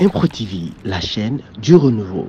ImproTV, la chaîne du renouveau.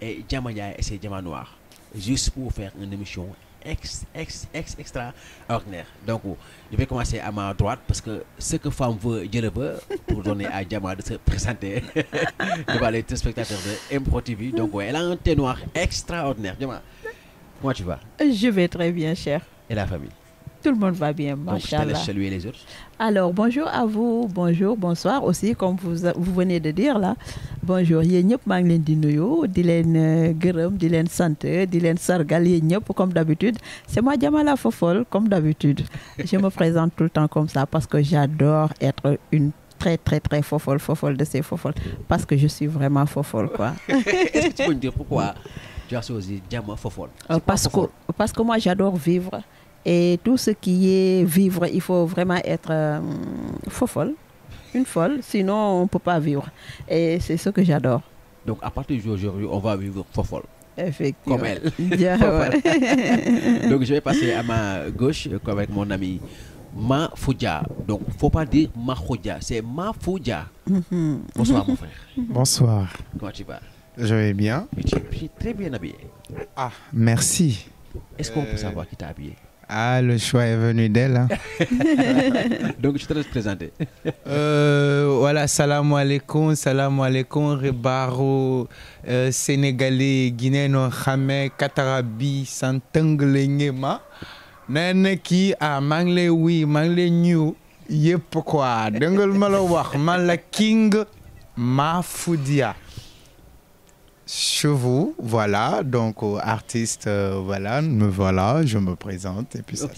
et Diamania et ses diamants noirs, juste pour faire une émission ex, ex, extraordinaire. Donc, je vais commencer à ma droite parce que ce que femme veut, je le veux pour donner à Diamant de se présenter devant les téléspectateurs de Impro TV. Donc, elle a un thé noir extraordinaire. Diamant, comment tu vas Je vais très bien, cher. Et la famille tout le monde va bien, bonjour les autres. Alors, bonjour à vous, bonjour, bonsoir aussi, comme vous, vous venez de dire là. Bonjour, Je suis di di euh, sargal comme d'habitude. C'est moi Diamala Fofol comme d'habitude. Je me présente tout le temps comme ça parce que j'adore être une très très très fofole, fofole de ces fofoles parce que je suis vraiment fofole quoi. Est-ce que tu peux me dire pourquoi tu as choisi Diamala Fofol? Euh, parce que parce que moi j'adore vivre. Et tout ce qui est vivre, il faut vraiment être euh, faux folle, une folle, sinon on ne peut pas vivre. Et c'est ce que j'adore. Donc à partir d'aujourd'hui, on va vivre faux folle. Effectivement. Comme elle. Yeah, Donc je vais passer à ma gauche euh, avec mon ami Ma foudja Donc faut pas dire Ma c'est Ma foudja mm-hmm. Bonsoir mm-hmm. mon frère. Mm-hmm. Bonsoir. Comment tu vas Je vais bien. Je suis très bien habillé. Ah, merci. Est-ce qu'on peut savoir qui t'a habillé ah, le choix est venu d'elle. Hein. Donc, je te laisse présenter. euh, voilà, salam alaikum, salam alaikum, Rebaro, euh, Sénégalais, Guinéen, Khamé, Katarabi, Santangle, Nyema. Nene qui a ah, Mangle oui, manglé, new. Yep, quoi. Dengle, malo, king, ma vous, voilà, donc euh, artiste, euh, voilà, me voilà, je me présente et puis ça.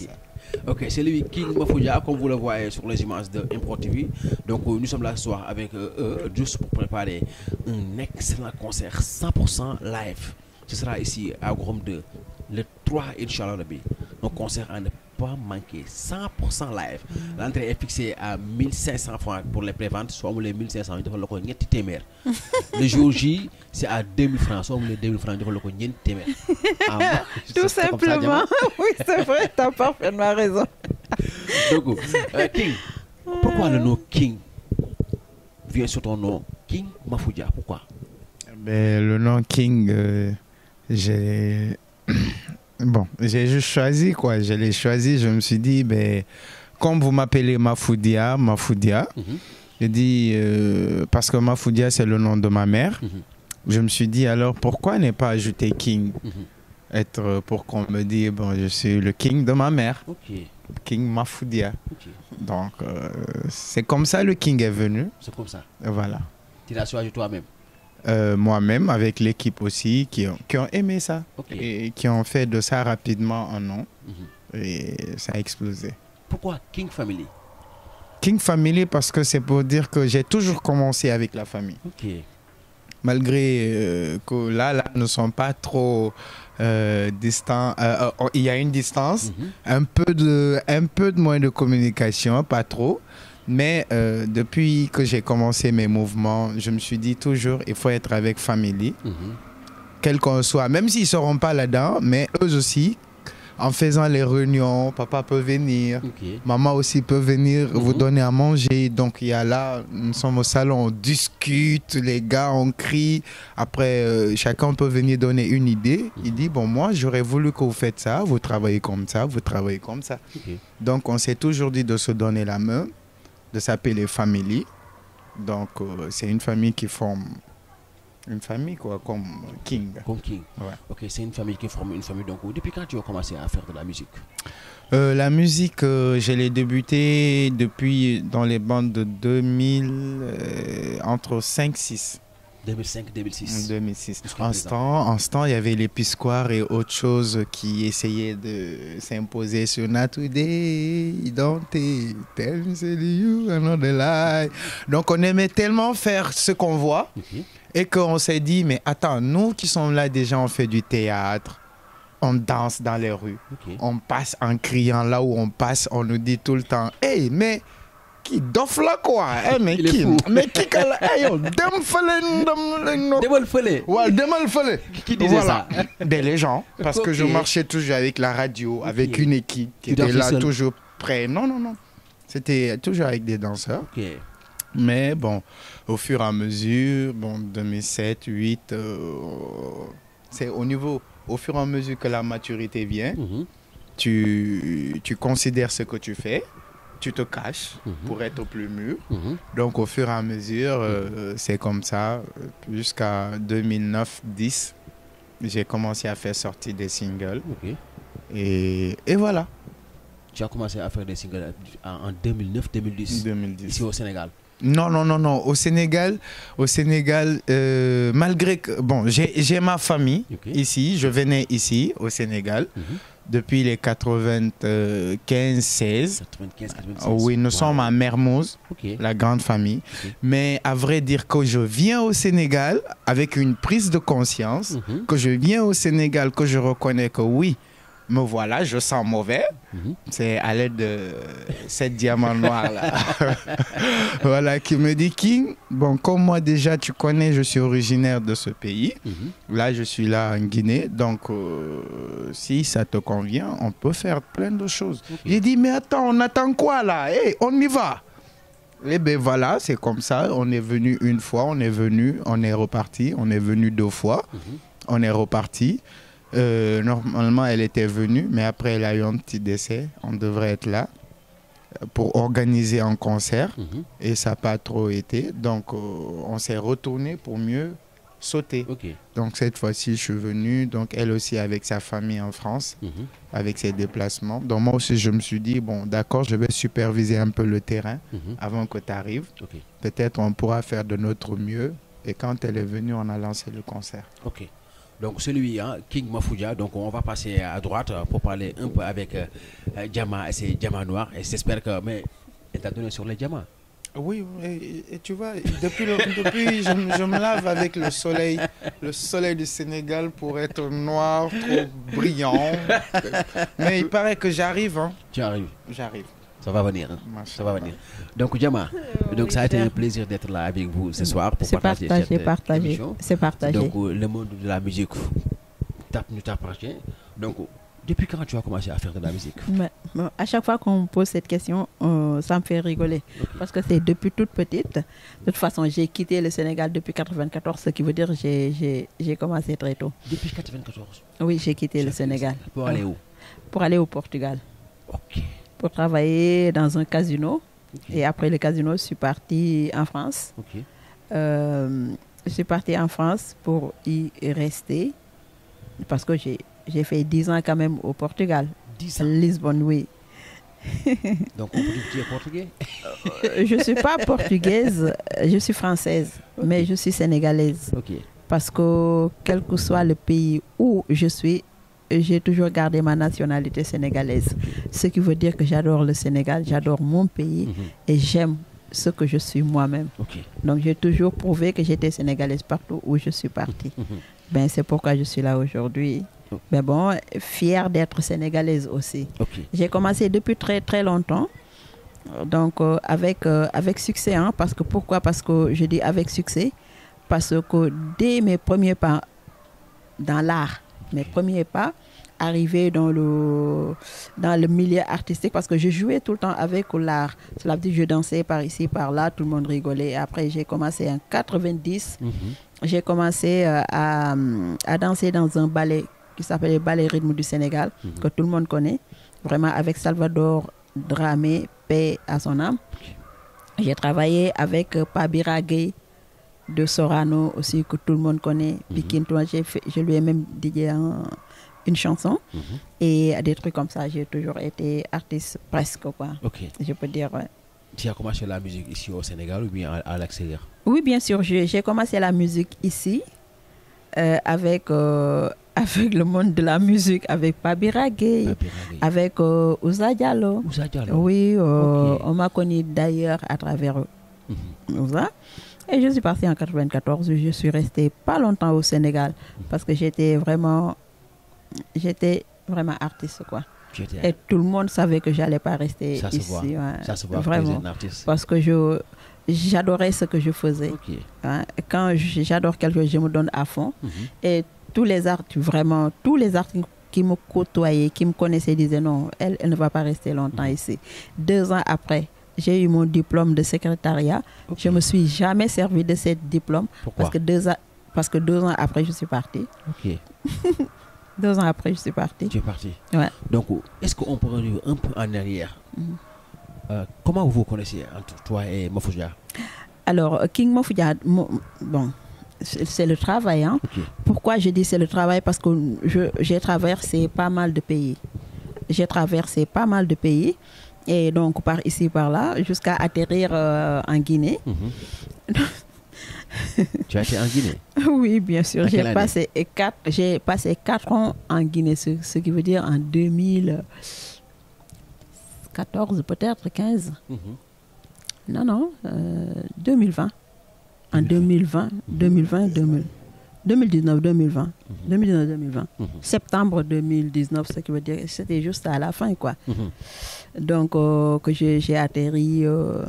Ok, c'est lui King Mafouja, comme vous le voyez sur les images de Import TV. Donc euh, nous sommes là ce soir avec juste pour préparer un excellent concert 100% live. Ce sera ici à Grom 2, le 3 Inch'Allah Donc concert en manquer 100% live l'entrée est fixée à 1500 francs pour les préventes soit les 1500 euros le le jour J c'est à 2000 francs soit les 2000 francs le ah, tout simplement oui c'est vrai t'as parfaitement raison euh, King pourquoi le nom King vient sur ton nom King Mafoudia pourquoi mais ben, le nom King euh, j'ai Bon, j'ai juste choisi, quoi. Je l'ai choisi, je me suis dit, ben, comme vous m'appelez Mafoudia, Mafoudia, mhm. dit, euh, parce que Mafoudia, c'est le nom de ma mère, mhm. je me suis dit, alors pourquoi ne pas ajouter King mhm. Être euh, pour qu'on me dise, bon, je suis le King de ma mère. King Mafoudia. Donc, euh, c'est comme ça le King est venu. C'est comme ça. voilà. Tu l'as choisi toi-même euh, moi-même, avec l'équipe aussi, qui ont, qui ont aimé ça et qui ont fait de ça rapidement un nom. Mhm. Et ça a explosé. Pourquoi King Family King Family parce que c'est pour dire que j'ai toujours commencé avec la famille. Malgré euh, que là, là, ne sont pas trop euh, distants. Il y a une distance, mhm. un, peu de, un peu de moins de communication, pas trop. Mais euh, depuis que j'ai commencé mes mouvements, je me suis dit toujours, il faut être avec famille, mhm. quel qu'on soit, même s'ils ne seront pas là-dedans, mais eux aussi, en faisant les réunions, papa peut venir, maman aussi peut venir mhm. vous donner à manger. Donc il y a là, nous sommes au salon, on discute, les gars, on crie. Après, euh, chacun peut venir donner une idée. Il mhm. dit, bon, moi, j'aurais voulu que vous faites ça, vous travaillez comme ça, vous travaillez comme ça. Donc on s'est toujours dit de se donner la main de s'appeler Family. Donc, euh, c'est une famille qui forme une famille, quoi, comme King. Comme King. Ok, c'est une famille qui forme une famille. Donc, depuis quand tu as commencé à faire de la musique euh, La musique, euh, je l'ai débutée depuis dans les bandes de 2000, entre 5-6. 2005-2006. En ce, temps, en il y avait les et autre chose qui essayaient de s'imposer sur Not Today, Don't Tell Me You, the Lie. Donc, on aimait tellement faire ce qu'on voit mm-hmm. et qu'on s'est dit, mais attends, nous qui sommes là déjà, on fait du théâtre, on danse dans les rues, on passe en criant là où on passe, on nous dit tout le temps, hey, mais qui la quoi. Eh, mais mais qui disait ça des légendes. parce que je marchais toujours avec la radio. avec une équipe. qui était là toujours prêt non non non. c'était toujours avec des danseurs. mais bon au fur et à mesure bon 2007 8 euh, c'est au niveau au fur et à mesure que la maturité vient. Mm-hmm. tu tu considères ce que tu fais tu te caches mhm. pour être au plus mûr. Mhm. Donc au fur et à mesure, euh, c'est comme ça. Jusqu'à 2009-10, j'ai commencé à faire sortir des singles. Et, et, voilà. Tu as commencé à faire des singles euh, en 2009-2010 Ici au Sénégal non, non, non, non. Au Sénégal, au Sénégal, euh, malgré que bon, j'ai ma famille ici, je venais ici au Sénégal. Mhm depuis les 95-16. oui, nous sommes à Mermoz, la grande famille. Mais à vrai dire que je viens au Sénégal avec une prise de conscience, mm-hmm. que je viens au Sénégal, que je reconnais que oui, me voilà, je sens mauvais. Mhm. C'est à l'aide de cette diamant noir là. voilà, qui me dit King, bon, comme moi déjà tu connais, je suis originaire de ce pays. Mhm. Là, je suis là en Guinée. Donc, euh, si ça te convient, on peut faire plein de choses. J'ai dit, mais attends, on attend quoi là hey, eh, on y va. Et eh bien voilà, c'est comme ça. On est venu une fois, on est venu, on est reparti, on est venu deux fois, mhm. on est reparti. Euh, normalement, elle était venue, mais après, elle a eu un petit décès. On devrait être là pour organiser un concert mhm. et ça n'a pas trop été. Donc, euh, on s'est retourné pour mieux sauter. Donc, cette fois-ci, je suis venu. Donc, elle aussi avec sa famille en France, mhm. avec ses déplacements. Donc, moi aussi, je me suis dit, bon, d'accord, je vais superviser un peu le terrain mhm. avant que tu arrives. Peut-être on pourra faire de notre mieux. Et quand elle est venue, on a lancé le concert. Donc celui, hein, King Mafouja, donc on va passer à droite pour parler un peu avec Djama. Euh, et ses noirs. Et j'espère que... Mais t'as donné sur les diamants oui, et, tu vois, depuis, depuis je, me, lave avec le soleil, le soleil du Sénégal pour être noir, trop brillant. Mais il paraît que j'arrive. Hein. Tu arrives. J'arrive. Ça va venir. Hein. Ça va venir. Donc, euh, ça a été un plaisir d'être là avec vous ce mm. soir pour partager partagé, partagé. C'est partagé. Donc, euh, le monde de la musique nous t'appartient. Donc, euh, depuis quand tu as commencé à faire de la musique À chaque fois qu'on me pose cette question, ça me fait rigoler. Parce que c'est depuis toute petite. De toute façon, j'ai quitté le Sénégal depuis 1994, ce qui veut dire que j'ai commencé très tôt. Depuis 1994 Oui, j'ai quitté le Sénégal. Pour aller où Pour aller au Portugal. Ok pour travailler dans un casino. Et après le casino, je suis partie en France. Euh, je suis partie en France pour y rester parce que j'ai fait 10 ans quand même au Portugal. 10 Lisbonne, oui. Donc, on euh, Je ne suis pas portugaise, je suis française, mais je suis sénégalaise. Parce que quel que soit le pays où je suis, j'ai toujours gardé ma nationalité sénégalaise. Ce qui veut dire que j'adore le Sénégal, j'adore mon pays mhm. et j'aime ce que je suis moi-même. Donc j'ai toujours prouvé que j'étais sénégalaise partout où je suis partie. Mhm. ben, c'est pourquoi je suis là aujourd'hui. Mais oh. ben bon, fière d'être sénégalaise aussi. J'ai commencé depuis très très longtemps. Donc euh, avec, euh, avec succès, hein, parce que pourquoi Parce que je dis avec succès, parce que dès mes premiers pas dans l'art, mes premiers pas, arriver dans le, dans le milieu artistique parce que je jouais tout le temps avec l'art. Cela veut dire que je dansais par ici, par là, tout le monde rigolait. Après, j'ai commencé en 90. Mhm. J'ai commencé euh, à, danser dans un ballet qui s'appelait Ballet Rythme du Sénégal, mhm. que tout le monde connaît, vraiment avec Salvador Dramé, paix à son âme. J'ai travaillé avec euh, Pabira de Sorano aussi que tout le monde connaît. Mhm. Pikin, toi, je lui ai même dit une chanson. Mhm. Et des trucs comme ça, j'ai toujours été artiste presque, quoi. Je peux dire, Tu as commencé la musique ici au Sénégal ou bien à, à Oui, bien sûr. J'ai commencé la musique ici euh, avec, euh, avec le monde de la musique, avec Pabi avec euh, Ouza Diallo. Oui, euh, on m'a connu d'ailleurs à travers eux. Mhm. Et je suis partie en 94. Je suis restée pas longtemps au Sénégal parce que j'étais vraiment, j'étais vraiment artiste quoi. Et tout le monde savait que j'allais pas rester ici. Ça se voit vraiment. Parce que je j'adorais ce que je faisais. Quand j'adore quelque chose, je me donne à fond. Mhm. Et tous les artistes, vraiment, tous les artistes qui me côtoyaient, qui me connaissaient, disaient non, elle, elle ne va pas rester longtemps mhm. ici. Deux ans après, j'ai eu mon diplôme de secrétariat. Je ne me suis jamais servi de ce diplôme. Pourquoi? Parce que, deux parce que deux ans après, je suis partie. Ok. deux ans après, je suis partie. Tu es partie. Ouais. Donc, est-ce qu'on peut revenir un peu en arrière mhm. euh, Comment vous vous connaissez entre toi et Mofuja Alors, euh, King Mofouja, bon, c'est le travail. Hein. Pourquoi je dis c'est le travail Parce que j'ai traversé pas mal de pays. J'ai traversé pas mal de pays et donc par ici, par là, jusqu'à atterrir euh, en Guinée. tu as été en Guinée Oui, bien sûr. J'ai passé, quatre, j'ai passé quatre ans en Guinée, ce, qui veut dire en 2014, peut-être 15. Mhm. Non, non, 2020. Euh, en 2020, 2020, 2020. 2020. 2019, 2020. 2019, 2020. Septembre 2019, ce qui veut dire que c'était juste à la fin, quoi. Mhm. Donc, euh, que j'ai atterri euh,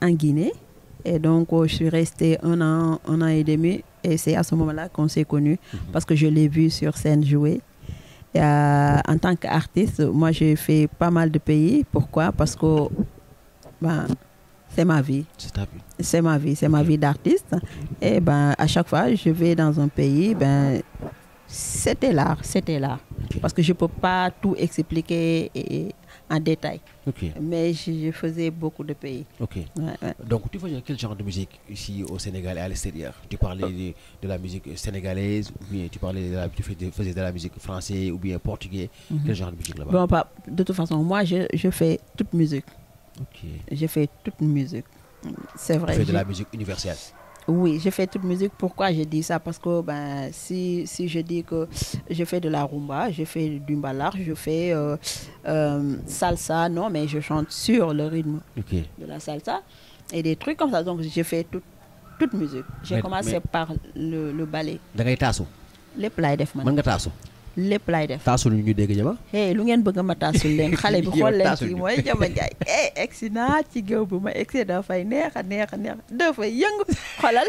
en Guinée. Et donc, euh, je suis restée un an, un an et demi. Et c'est à ce moment-là qu'on s'est connus, mhm. parce que je l'ai vu sur scène jouer. en tant qu'artiste, moi, j'ai fait pas mal de pays. Pourquoi Parce que... Ben, c'est ma vie. C'est ta vie. C'est ma vie, c'est ma vie d'artiste. Et eh ben, à chaque fois, je vais dans un pays, ben, c'était l'art, c'était là Parce que je ne peux pas tout expliquer en détail. Ok. Mais je, faisais beaucoup de pays. Ok. Donc, tu faisais quel genre de musique ici au Sénégal et à l'extérieur Tu parlais de, la musique sénégalaise, ou bien tu, parlais de tu faisais de la musique française ou bien portugaise mhm. Quel genre de musique là-bas De toute façon, moi, je fais toute musique. J'ai fait toute musique. C'est vrai. Tu fais de la musique universelle. Oui, j'ai fait toute musique. Pourquoi je dis ça Parce que ben, si, si je dis que je fais de la rumba, je fais du ballard, je fais euh, euh, salsa, non, mais je chante sur le rythme de la salsa et des trucs comme ça. Donc, j'ai fait tout, toute musique. J'ai commencé par le, le ballet. Les lépp laay def. taasul ñu dégg jama. hey lu ngeen bëgg a taasul leen xale bi xool leen kii mooy jama Njaay. hey eh, egsi naa ci géew bi ma egsi dafay neex a neex a neex dafay yëngu xolal.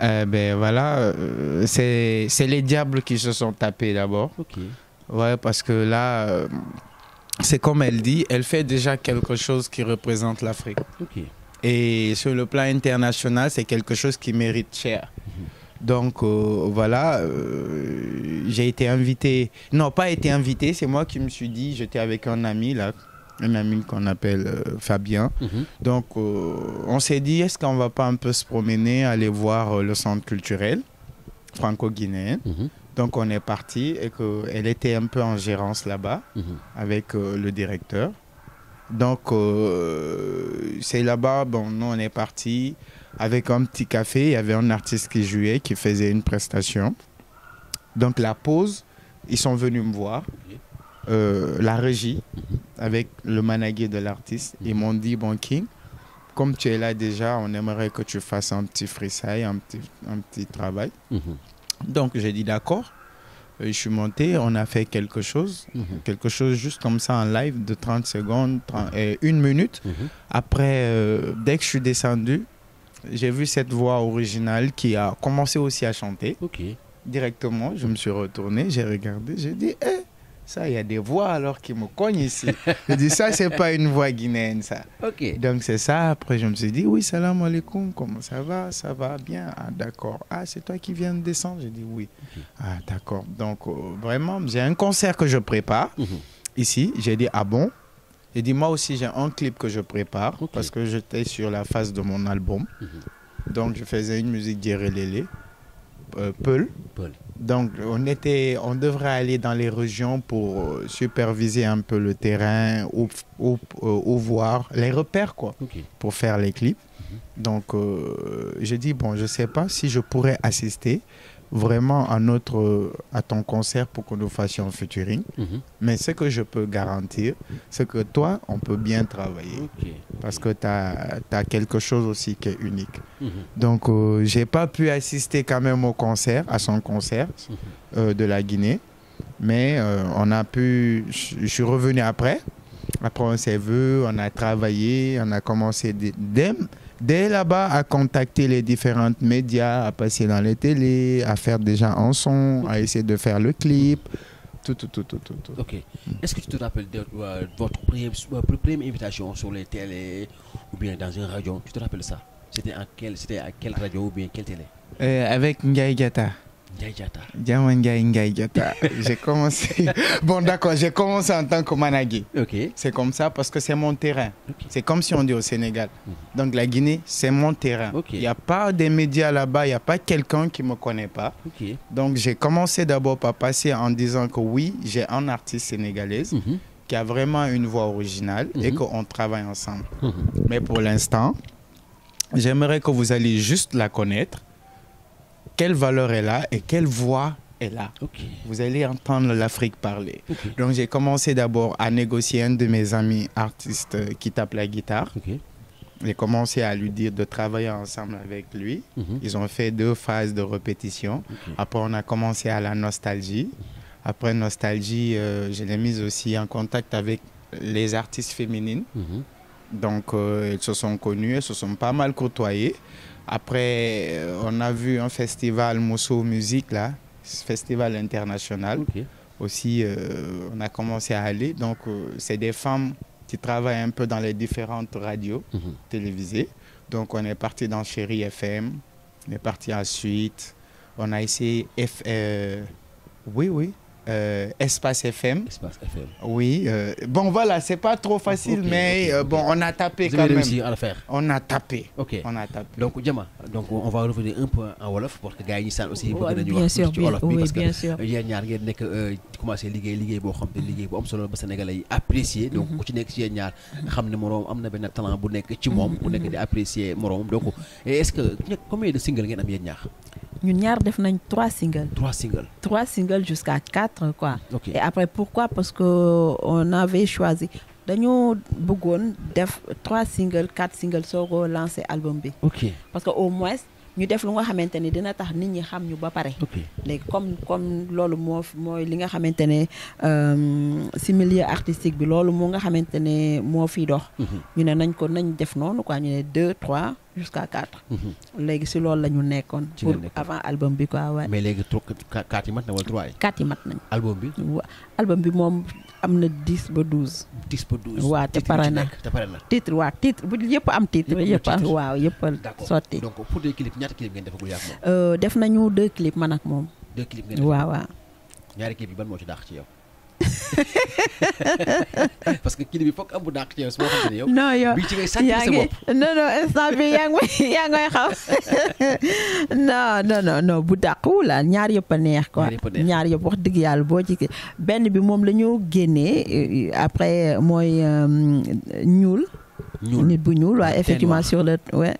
Eh ben voilà, euh, c'est les diables qui se sont tapés d'abord. Ouais, parce que là, euh, c'est comme elle dit, elle fait déjà quelque chose qui représente l'Afrique. Et sur le plan international, c'est quelque chose qui mérite cher. Mhm. Donc euh, voilà, j'ai été invité, non pas été invité, c'est moi qui me suis dit, j'étais avec un ami là, un ami qu'on appelle euh, Fabien. Mhm. Donc, euh, on s'est dit, est-ce qu'on va pas un peu se promener, aller voir euh, le centre culturel franco-guinéen mhm. Donc on est parti et qu'elle était un peu en gérance là-bas mhm. avec le directeur. Donc c'est là-bas, bon, nous on est parti avec un petit café, il y avait un artiste qui jouait, qui faisait une prestation. Donc la pause, ils sont venus me voir. Euh, la régie avec le manager de l'artiste. Ils mhm. m'ont dit, bon, King, comme tu es là déjà, on aimerait que tu fasses un petit freestyle, un petit, un petit travail. Mhm. Donc, j'ai dit, d'accord. Euh, je suis monté, on a fait quelque chose, mhm. quelque chose juste comme ça en live de 30 secondes, euh, une minute. Après, dès que je suis descendu, j'ai vu cette voix originale qui a commencé aussi à chanter. Ok directement, je me suis retourné, j'ai regardé, j'ai dit, hé, eh, ça, il y a des voix alors qui me cognent ici. je dis, ça, c'est pas une voix guinéenne, ça. OK. Donc, c'est ça. Après, je me suis dit, oui, salam alaikum, comment ça va Ça va bien. Ah, d'accord. Ah, c'est toi qui viens de descendre J'ai dit, oui. Ah, d'accord. Donc, euh, vraiment, j'ai un concert que je prépare mhm. ici. J'ai dit, ah bon J'ai dit, moi aussi, j'ai un clip que je prépare parce que j'étais sur la face de mon album. Mhm. Donc, je faisais une musique d'Irelele, euh, Peul. Peul. Donc, on, était, on devrait aller dans les régions pour euh, superviser un peu le terrain ou, euh, voir les repères, quoi, pour faire les clips. Mhm. Donc, je euh, j'ai dit, bon, je ne sais pas si je pourrais assister vraiment à, notre, à ton concert pour que nous fassions un featuring. Mhm. Mais ce que je peux garantir, c'est que toi, on peut bien travailler. Parce que tu as, quelque chose aussi qui est unique. Mhm. Donc, euh, j'ai pas pu assister quand même au concert, à son concert mhm. euh, de la Guinée. Mais euh, on a pu. Je suis revenu après. Après, on s'est on a travaillé, on a commencé dès, dès là-bas à contacter les différents médias, à passer dans les télés, à faire déjà un son, à essayer de faire le clip. Tout, tout, tout, tout, tout. Ok. Est-ce que tu te rappelles de, euh, votre première, euh, invitation sur les télés ou bien dans une radio Tu te rappelles ça C'était à, à quelle radio ou bien quelle télé euh, Avec Ngaï Gata. J'ai commencé. Bon, d'accord, j'ai commencé en tant que managui. Ok. C'est comme ça parce que c'est mon terrain. C'est comme si on dit au Sénégal. Mhm. Donc, la Guinée, c'est mon terrain. Il n'y a pas de médias là-bas, il n'y a pas quelqu'un qui ne me connaît pas. Donc, j'ai commencé d'abord par passer en disant que oui, j'ai un artiste sénégalaise. Mhm. qui a vraiment une voix originale et mhm. qu'on travaille ensemble. Mais pour l'instant, j'aimerais que vous alliez juste la connaître quelle valeur elle a et quelle voix est là. Vous allez entendre l'Afrique parler. Donc j'ai commencé d'abord à négocier un de mes amis artistes euh, qui tape la guitare. J'ai commencé à lui dire de travailler ensemble avec lui. Mhm. Ils ont fait deux phases de répétition. Après, on a commencé à la nostalgie. Après nostalgie, euh, je l'ai mise aussi en contact avec les artistes féminines. Mhm. Donc, ils euh, elles se sont connues, et se sont pas mal côtoyées. Après, euh, on a vu un festival Mosso Musique, là, festival international. Aussi, euh, on a commencé à aller. Donc, euh, c'est des femmes qui travaillent un peu dans les différentes radios mhm. télévisées. Donc, on est parti dans Chéri FM, on est parti ensuite, on a essayé F, oui, oui, euh, Espace FM. Oui. Euh, bon, voilà, c'est pas trop facile, mais euh, bon, on a tapé quand même. On a tapé. On a tapé. Donc, on va revenir un peu en Wolof pour que aussi. bien, sûr, bien, Wolof, bien sûr. donc est-ce que combien de nous avons def trois singles. trois singles. trois singles jusqu'à quatre quoi. et après pourquoi parce que on avait choisi dañu avons trois singles quatre singles pour lancer l'album. album parce qu'au au moins nous avons fait nga xamante ne dina tax comme comme l'homme moi mooy li nga nous euh, artistique bi nga moi dox. Mhm. ñu nous deux trois. jusqu'à quatre. Mhm. léegi si loolu la ñu nekkoon. pour avant album bi quoi waaye. mais léegi quatre yi mat na wala trois yi. quatre yi mat nañ album bi. album bi moom am na dix ba douze. dix ba douze waaw te pare na titre waaw titre bu yëpp am titre. yëpp am waaw a sotti. donc euh, def nañu deux clips man ak moom. deux clips moo ci dàq ci parce que non non non non non non non bu il a neex quoi. ñaar yëpp wax dëgg yàlla y ci benn bi moom euh, après moi euh, bu effectivement sur le. ouais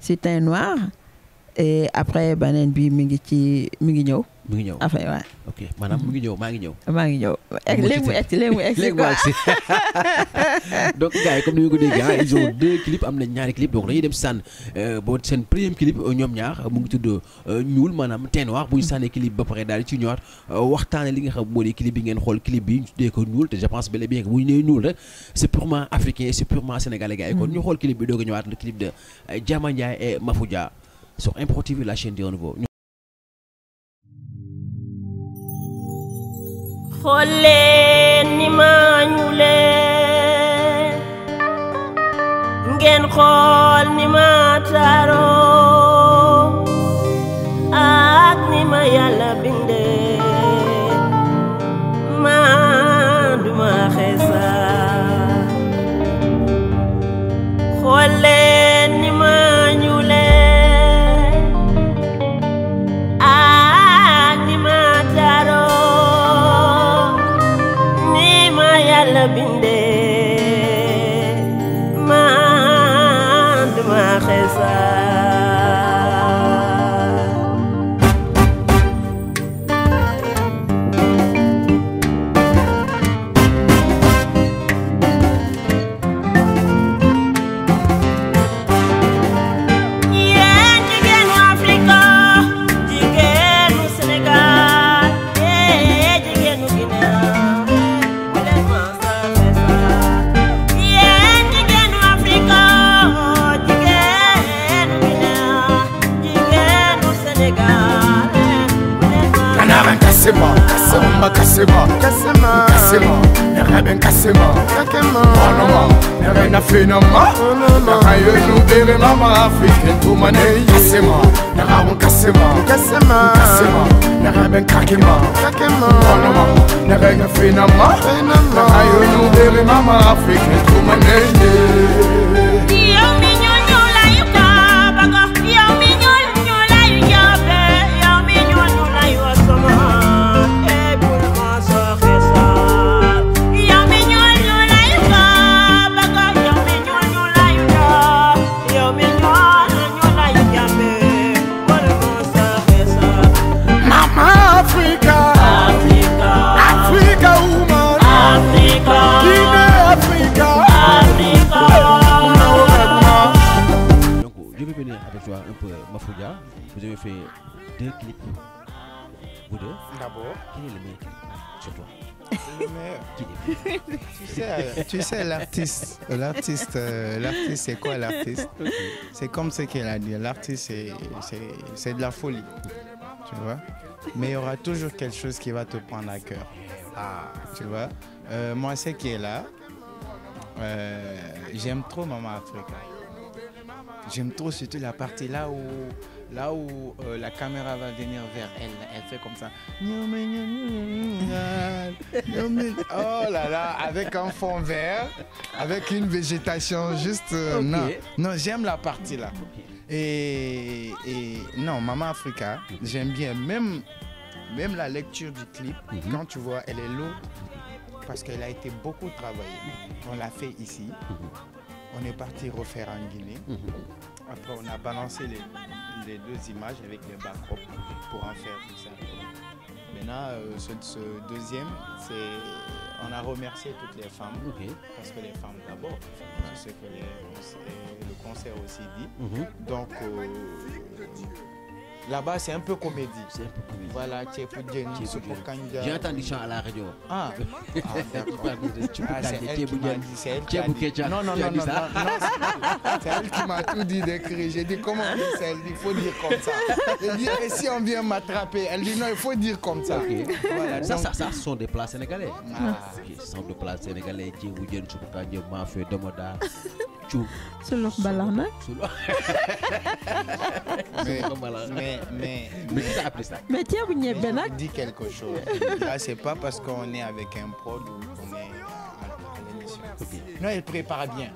c'est un noir. et après ben bi mi ngi ci mu ngi ñëw affaire waaw. ok maanaam mu ngi ñëw maa ngi ñëw. maa ngi ñëw léegi mu egg si léegi mu egg si quoi donc gars yi comme ni ñu ko déggee ah ils ont deux clips am nañ ñaari clip donc dañuy dem sànn bo seen premier clip ñoom eh, ñaar mu ngi tudd ñuul eh, maanaam teint noir bu ñu sànnee clip ba pare daal ci ñëwaat waxtaanee li nga xam moo di clip bi ngeen xool clip bi ñu tuddee ko ñuul te je pense bel et bien que bu ñu nee ñuul rek c' est purement africain c' est purement sénégalais gars yi kon ñu xool clip bi doog a ñëwaat le clip de Diama eh, et Mafoudia sur MPROD TV la chaîne de nouveau. xool ni maañu leen ngeen ni ma taaroo ak ni ma yàlla Rabbin nkasema onoma nagaina fenama nagayoenu beremama afrike I kasema nagabu nkasema nkasema nagabe nkakema onoma nagaina fenama nagayoenu beremama afrike ntumaneyi avec toi un peu mafouga Vous avez fait deux clips. Vous deux. D'abord. Qui est le meilleur clip sur toi tu sais, euh, tu sais l'artiste, l'artiste, euh, l'artiste, c'est quoi l'artiste C'est comme ce qu'elle a dit. L'artiste, c'est de la folie, tu vois. Mais il y aura toujours quelque chose qui va te prendre à cœur. Ah. tu vois. Euh, moi, ce qui est là. J'aime trop Maman Africa. J'aime trop surtout la partie là où, là où euh, la caméra va venir vers elle. Elle fait comme ça. Oh là là, avec un fond vert, avec une végétation juste... Euh, non, j'aime la partie là. Et, non, Maman Africa, j'aime bien. Même, même la lecture du clip, mhm. Non, tu vois, elle est lourde parce qu'elle a été beaucoup travaillée. On l'a fait ici. Mhm on est parti refaire en Guinée. Mhm. Après, on a balancé les, deux images avec les backdrops pour en faire tout ça. Maintenant, euh, ce, deuxième, c'est on a remercié toutes les femmes. Parce que les femmes d'abord, c'est ce que le concert aussi dit. Mhm. Donc, euh, Là-bas, c'est un peu comédie. C'est un peu comédie. Voilà, J'ai entendu chant à la radio. Ah, ah, ah tu ah Non, non, non, non. C'est elle qui m'a tout dit d'écrire. J'ai dit, comment on dit ça Elle dit, il faut dire comme ça. et eh, si on vient m'attraper Elle dit, non, il faut dire comme ça. Ça, ça, ça, sont des plats sénégalais. Ah. Ce sont des plats sénégalais. Djeboudienne, m'a Mafé, Domoda mais mais mais. mais appris ça. mais dis quelque chose. là c'est pas parce qu'on est avec un prod ou qu'on est à l'émission. non elle prépare bien.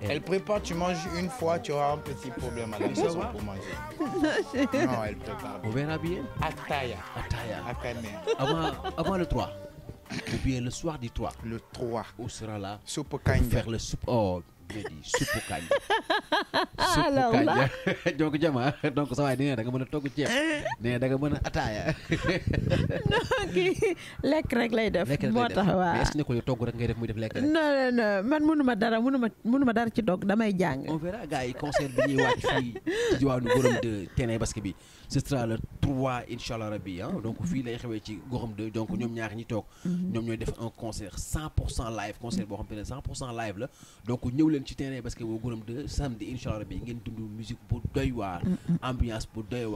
Elle prépare, tu manges une fois, tu auras un petit problème à la maison pour manger. Non, elle prépare. On verra bien. Ataya. Ataya. Akane. Avant, avant le 3. et puis le soir du 3. Le 3. Où sera là Soupe Pour faire le soupe. Oh. léegi suppu kañ. alors suppu kañ ah. donc jama donc sa waay nee da nga mën a togg ceeb eh. nee danga mën a ataaya. non kii lekk rek lay def. moo tax waaw mais est-ce que nekkul togg rek ngay def muy def lekk rek. non non non man mënu ma dara mënu mënu ma dara ci dog damay jàng. on verra gars yi concert bi ñuy wàcc fii ci diwaanu Gorom de bi. ce sera le 3 Inch'Allah Rabbi. Hein. donc lay ci de donc ñaar ñi mhm. un concert 100 live concert bo 100 live donc ñew leen ci terrain parce que de samedi musique pour doy ambiance pour doy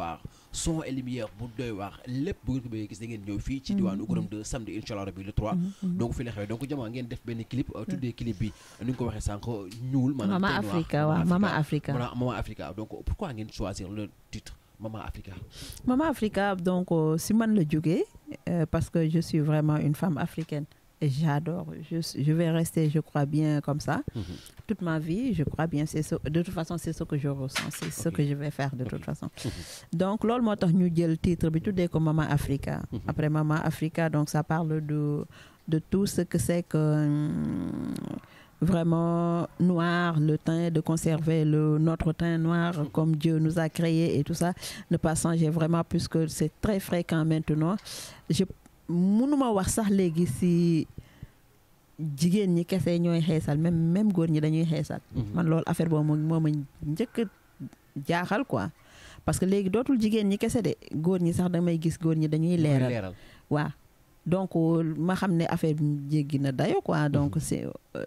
son et lumière pour doy war lepp bu ngeen ko gis da ngeen de samedi le 3. donc lay donc clip euh, tuddé clip bi ni Africa Africa. Africa donc pourquoi ngeen choisir le titre. Maman Africa Maman Africa, donc, euh, Simone Le Djougué, euh, parce que je suis vraiment une femme africaine. Et j'adore. Je, je, vais rester, je crois bien, comme ça. Mm-hmm. Toute ma vie, je crois bien. Ce, de toute façon, c'est ce que je ressens. C'est ce que je vais faire, de toute façon. Mm-hmm. Donc, l'autre mot, le titre, mais tout est comme Maman Africa. Mm-hmm. Après Maman Africa, donc, ça parle de, de tout ce que c'est que. Hum, vraiment noir, le teint, de conserver le, notre teint noir comme Dieu nous a créé et tout ça, ne pas changer vraiment puisque c'est très fréquent maintenant. Je mënuma wax sax léegi si jigen ñi kese ñoy xéssal même même góor ñi dañuy xéssal mhm. man lool affaire bo mo je ma njëkk jaaxal quoi. parce que légui dotul jigen ñi kese de góor ñi sax may gis góor ñi dañuy léral wa donc euh, ma xamné affaire bi dayo quoi mhm. donc c'est euh,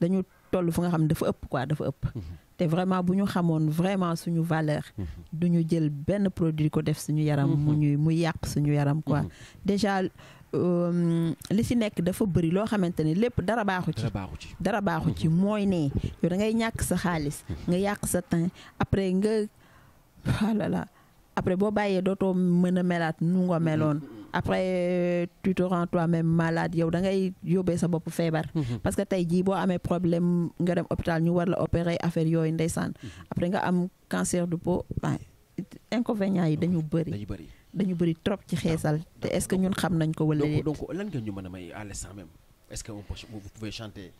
dañu tollu nga xamné dafa ëpp quoi dafa ëpp mhm. vraiment buñu xamone vraiment suñu valeur mhm. duñu jël ben produit ko def suñu yaram mu ñuy mu yaq suñu yaram quoi déjà euh, li ci nek dafa bëri lo xamanteni lepp dara baxu ci dara yow da ngay ñak sa nga yaq sa temps après nga ah la... après bo bàyyee doto nu nga après euh, tu te rends toi-même malade yow da ngay yobé sa bopp feebar. Mhm. parce que tay ji bo amé problème nga dem hôpital ñu war la opérer affaire yoy ndeysaan. Mhm. après nga am cancer du peau ah inconvénients yi dañu bëri. dañu bëri dañu bëri trop ci xéssal ah, te est-ce que ñun xam nañ ko wala déet. donc lan nga ñu mëna may à l'instant même est-ce que vous pouvez chanter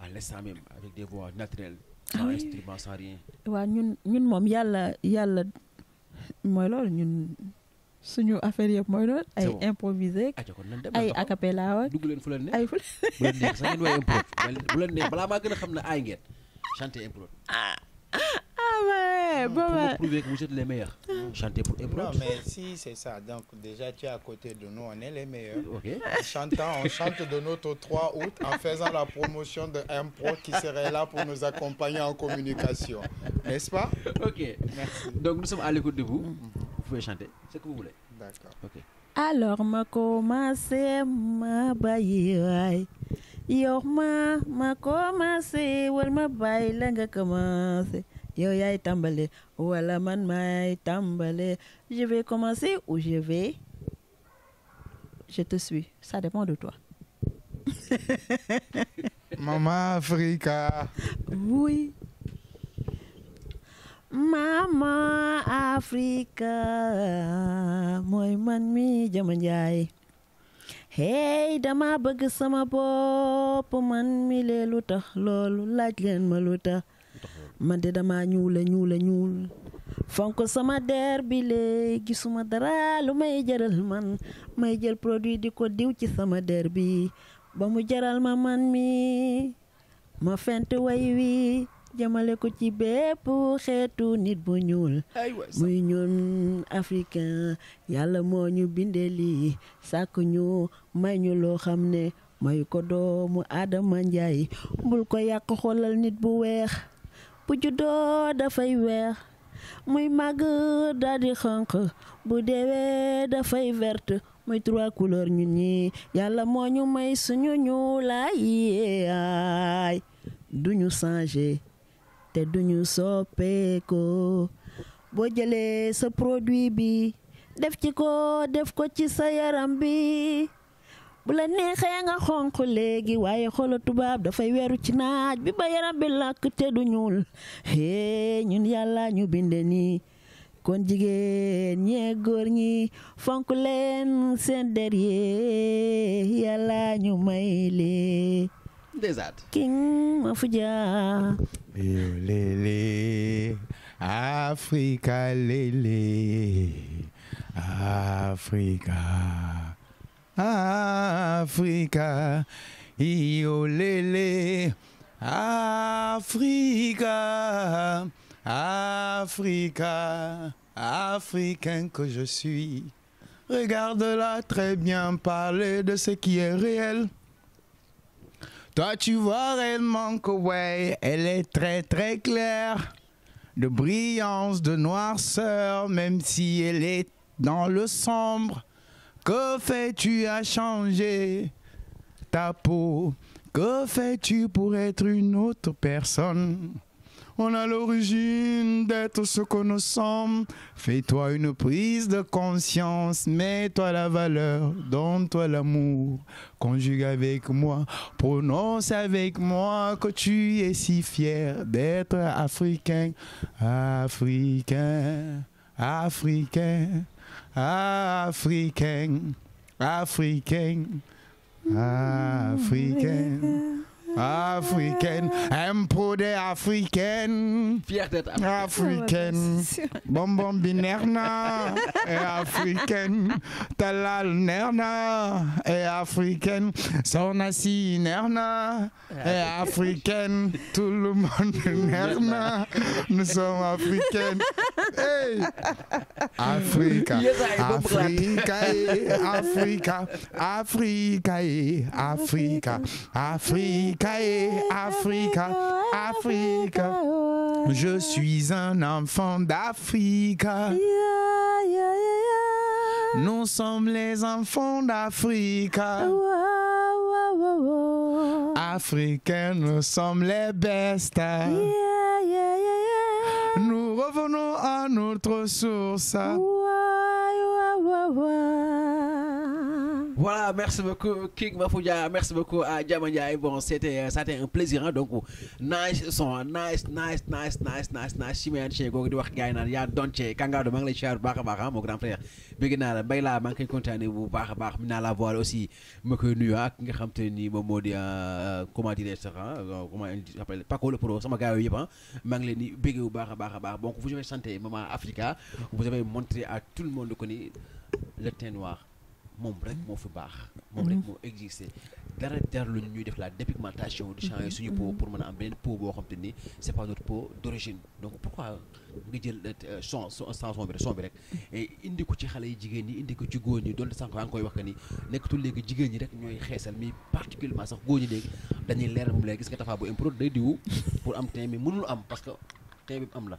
à l'instant même avec des voix naturelles. Ah sans instrument sans rien. waaw ñun ñun mom yalla yalla moy lool ñun suñu affaire yëpp mooy doon ay improvisé ay a cappella ak dugg leen fu leen neex ay fu leen neex sax ngeen way impro bu leen neex balaa maa gën a xam ne chanter ah, ah prouver que vous êtes les meilleurs chanter pour impro non mais si c'est ça donc déjà tu es à côté de nous on est les meilleurs ok chantant on chante de notre 3 août en faisant la promotion de impro qui serait là pour nous accompagner en communication n'est-ce pas ok merci donc nous sommes à l'écoute de vous chanter ce que vous voulez. D'accord. Ok. Alors, ma commencé ma baye Yo ma ma commencé ou ma baye la commencé. Yo yay tambale la man may tambale. Je vais commencer ou je vais Je te suis. Ça dépend de toi. Maman Africa. Oui. mama Africa mooy man mi Jama Njaay hey dama bëgg sama bopp man mi lee lu tax loolu laaj leen ma lu tax man de dama ñuula ñuula ñuul fonk sama der bi lee gisuma dara lu may jëral man may jël produit di ko diw ci sama der bi ba mu jaral ma man mi ma fent way wi jamale ko ci bépp xeetu nit bu ñuul muy ñun africain yàlla moo ñu bindee lii sàkk ñu may ñu loo xam ne may ko doomu Adama Njaay bul ko yàq xoolal nit bu weex bu juddoo dafay weex muy màgg daldi xonq bu deewee dafay verte muy trois couleurs ñun ñi yàlla moo ñu may suñu ñuulaay duñu changer te duñu soppeekoo boo jëlee sa produit bi def ci ko def ko ci sa yaram bi bu la neexee nga xonq léegi waaye xolo tubaab dafay weeru ci naaj bi ba yarambi bi te du ñuul hee ñun yàlla ñu binde nii kon jigéen ñee góor ñi fonk leen seen der yee ñu may lee King Mafouja Lélé, Africa, lélé, Africa, Africa, Io lélé, Africa, Africa, Africain que je suis. Regarde-la très bien parler de ce qui est réel. Toi, tu vois réellement ouais, elle est très très claire. De brillance, de noirceur, même si elle est dans le sombre. Que fais-tu à changer ta peau Que fais-tu pour être une autre personne on a l'origine d'être ce que nous sommes. Fais-toi une prise de conscience, mets-toi la valeur, donne-toi l'amour. Conjugue avec moi, prononce avec moi que tu es si fier d'être africain, africain, africain, africain, africain, africain. africain. Africaine, un des africaine. Fier d'être africaine. Bonbon ah, binerna et africaine. Talal nerna et africaine. Sonasi nerna et africaine. Tout le monde nerna. Nous sommes africaines. Hey! Africa. Eh, Africa, Africa, eh, Africa, Africa, Africa. Africa, Africa. Je suis un enfant d'Afrique. Nous sommes les enfants d'Afrique. Africains, nous sommes les bestes. Nous revenons à notre source. Voilà, merci beaucoup King Mafouja, merci beaucoup à Et Bon, c'était euh, un plaisir. Hein. donc, nice son, nice, nice, nice, nice, nice, nice. Chimian Che, Gogo, Diwak Gainan, Ya Donche, Kangado, Mangle Char, Bakabaka, mon grand frère. Beginal, Baila, Mangle Contane, vous, Bakabak, Mina la voile aussi, Mokunu, ah, Kamteni, Momodia, euh, comment dire ça, ah, euh, comment il s'appelle, Paco le Pro, Samaga, Yiban, ah. Mangle, Big ou Bakabak. Bon, vous avez chanté, Maman Africa, vous avez montré à tout le monde de connaît le teint noir moom rek moo fi baax. moom rek mhm. moo existé dara jarul ñuy def la dépigmentation di changer mhm. suñu peau mhm. pour mën a am beneen peau boo xam te ni c'est pas notre peau d'origine donc pourquoi nga jël euh, euh, son son bi rek son bi rek indi ko ci xalé yi jigéen yi indi ko ci góor ñi doonte sànq yaa ngi koy wax que ni nekkatul léegi jigéen ñi rek ñoy xéssal mi particulièrement sax góor ñi léegi dañuy leer moom léegi gis nga tafa bu impro day diwu pour am teint mais mënul am parce que teint bi am la.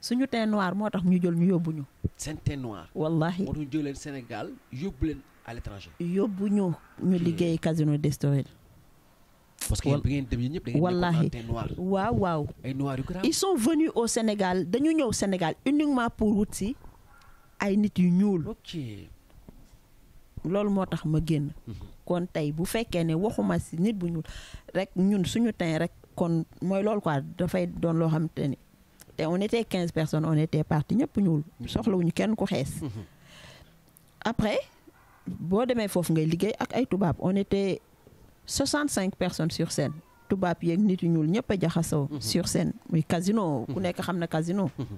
suñu teint noir motax ñu jël ñu yóbbu ñu. seen teint noir. wallahi moo tax jël Sénégal yobbu leen à l'étranger. yóbbu ñu ñu liggéey Casino d'Estoril. parce que bi ngeen dem yéen ñëpp da ngeen teint noir. waaw waaw. ay noirs yu grave. ils sont venus au Sénégal dañu ñëw Sénégal uniquement pour wut ay nit yu ñuul. ok. lool motax ma génn. Mhm. kon tay bu fekkee ne waxuma si nit bu ñuul rek ñun suñu teint rek kon mooy lool quoi dafay doon loo xamante ni te on était 15 personnes on était parti ñëpp ñuul soxlawuñu kenn ku xees après boo demee foofu ngay liggéey ak ay tubaab on était 65 personnes sur scène tubaab yeeg nit yu ñuul ñëpp a mhm. sur scène muy casino ku mhm. nekk xamna casino mhm.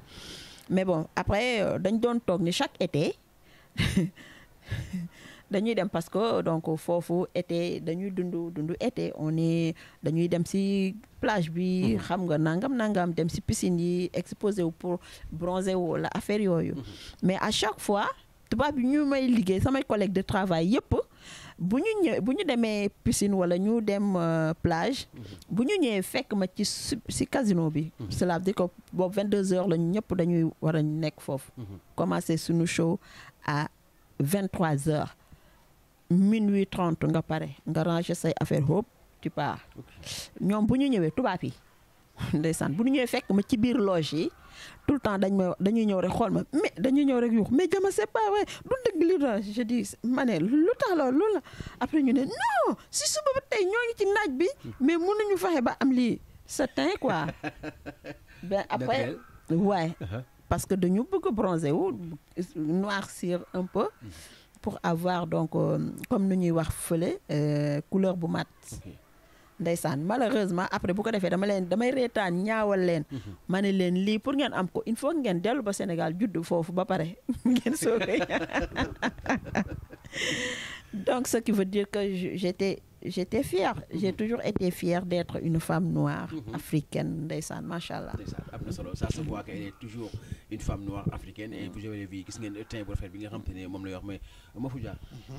mais bon après euh, dañ doon tok ni chaque été dañuy dem parce que donc fofu été dañuy dundu dundu été on est dañuy dem ci plage bi mhm. xam nga nangam nangam dem ci piscine yi exposé pour bronzer wu la affaire yoyu mhm. mais à chaque fois tubaab bi ñu may liggé sama collègues de travail yépp buñu buñu démé piscine wala ñu dem euh, plage mhm. buñu ñé ñëwee fekk ma ci ci casino bi cela veut dire que boobu 22h la ñëpp dañuy wara a fofu commencer commencé suñu show à 23 heures minuit 30 nga paré nga ranger say affaire hop tu pars ñom buñu ñëwé tuba fi yi buñu ñëwé fekk ma ci biir loge yi tout le temps dañ ma dañuy ñëw rek xol ma mais dañuy ñëw rek yux mais jama c'est pas vrai du dëgg li do je dis ma lu tax lool loolu la après ñu né non si suba ba tey ñoo ngi ci naaj bi mais mënuñu fexe ba am li certain quoi ben après ouais uh-huh. parce que dañu bëgg bronzer ou noircir un peu mm-hmm pour avoir donc euh, comme nous ñuy wax fële euh, couleur bu mat. ndaysan malheureusement après bu ko defee dama len damay reetaan ñaawal len mané mhm. len li pour ngeen am ko il faut ngeen dellu ba Sénégal judd fofu ba paré ngeen donc ce qui veut dire que j'étais j'étais fière. J'ai toujours été fière d'être une femme noire, mhm. africaine, machallah. ça se voit qu'elle est toujours une femme noire africaine et vous avez vu bi nga venir mais mhm.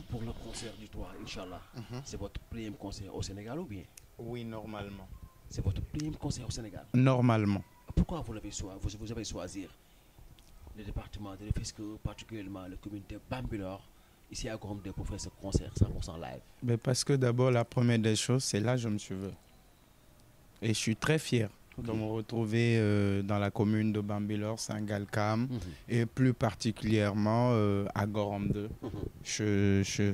pour le concert du toit, Inch'Allah, mhm. c'est votre premier concert au Sénégal ou bien. oui normalement. c'est votre premier concert au Sénégal. normalement. pourquoi vous l'avez choisi vous avez choisi le département de Rufisque particulièrement la communauté Bambino ici à Goromde pour faire ce concert 100% live Parce que d'abord, la première des choses, c'est là que je me suis vu. Et je suis très fier de me retrouver euh, dans la commune de Bambilor, Saint-Galcam, mhm. et plus particulièrement euh, à Gorom chez, chez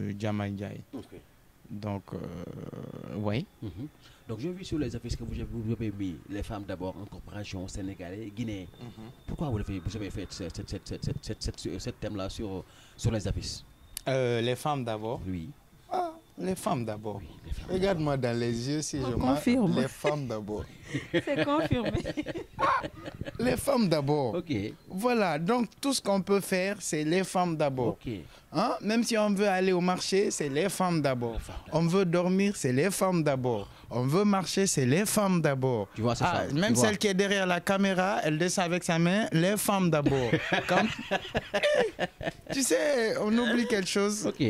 Donc, euh, oui. Mhm. Donc, j'ai vu sur les affiches que vous avez mis, les femmes d'abord en coopération sénégalais, guinée mhm. Pourquoi vous avez, fait ce thème-là sur, sur les affiches euh, les femmes d'abord. Oui. Les femmes d'abord. Regarde-moi dans les yeux si On je confirme. Les femmes d'abord. C'est confirmé. les femmes d'abord. OK. Voilà, donc tout ce qu'on peut faire, c'est les femmes d'abord. OK. Hein? Même si on veut aller au marché, c'est les femmes d'abord. On veut dormir, c'est les femmes d'abord. On veut marcher, c'est les femmes d'abord. Tu vois, ah, Même celle qui est derrière la caméra, elle descend avec sa main, les femmes d'abord. Eh, tu sais, on oublie quelque chose. OK.